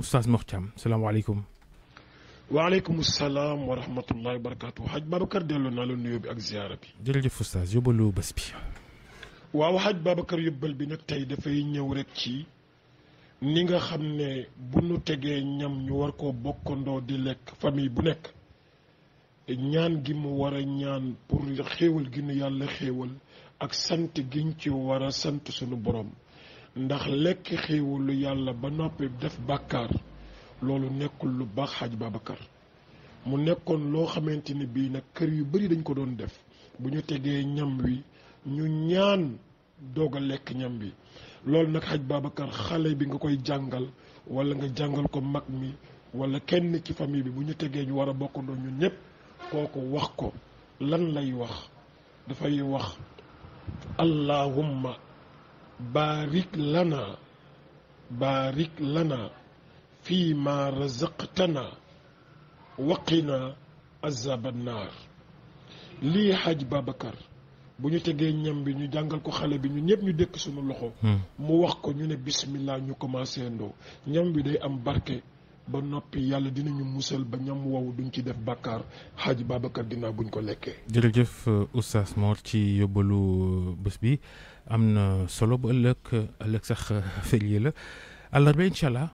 استاذ محتم السلام عليكم وعليكم السلام ورحمه الله وبركاته حاج بابكر ديلو نالو نيو بي اك زياره بي جلجف استاذ يوبلو بس بي واو حاج بابكر يوبل بي نك تاي دافاي نيو ريك تي نيغا خامني بو نو تيغي نيام ني وار بوكوندو دي ليك فامي بو نيك نيان غي مو ورا نيان بور خيول غي نو خيول اك سانت غي ورا سانت سونو بروم ndax lekk lu yàlla ba noppi def bàkkaar loolu nekkul lu baax xaj Babacar mu nekkoon loo xamante ni bii nag kër yu bari dañ ko doon def bu ñu tegee ñam wi ñu ñaan doog a lekk ñam bi loolu nag xaj Babacar xale bi nga koy jàngal walla nga jàngal ko mag mi wala kenn ci famille bi bu ñu tegee ñu war a bokkandoo ñun ñëpp kooku wax ko lan lay wax dafay wax allahumma baarik lana baarik lana fii ma razaqtana waqina azaba naar lii xaj Babacar bu ñu tegee ñam bi ñu jàngal ko xale bi ñu ñëpp ñu dëkk suñu loxo hmm. mu wax ko ñu ne bismillah ñu commencé ndoo ñam bi day am barke ba noppi yàlla dinañu mussel ba ñam waw duñ ci def bakkar xaaj babakar dina buñ ko lekkee. jërëjëf oustaz Mor ci yobalu bés bi amna solo bu ëlëk ëlëk sax férié la àllarba incha allah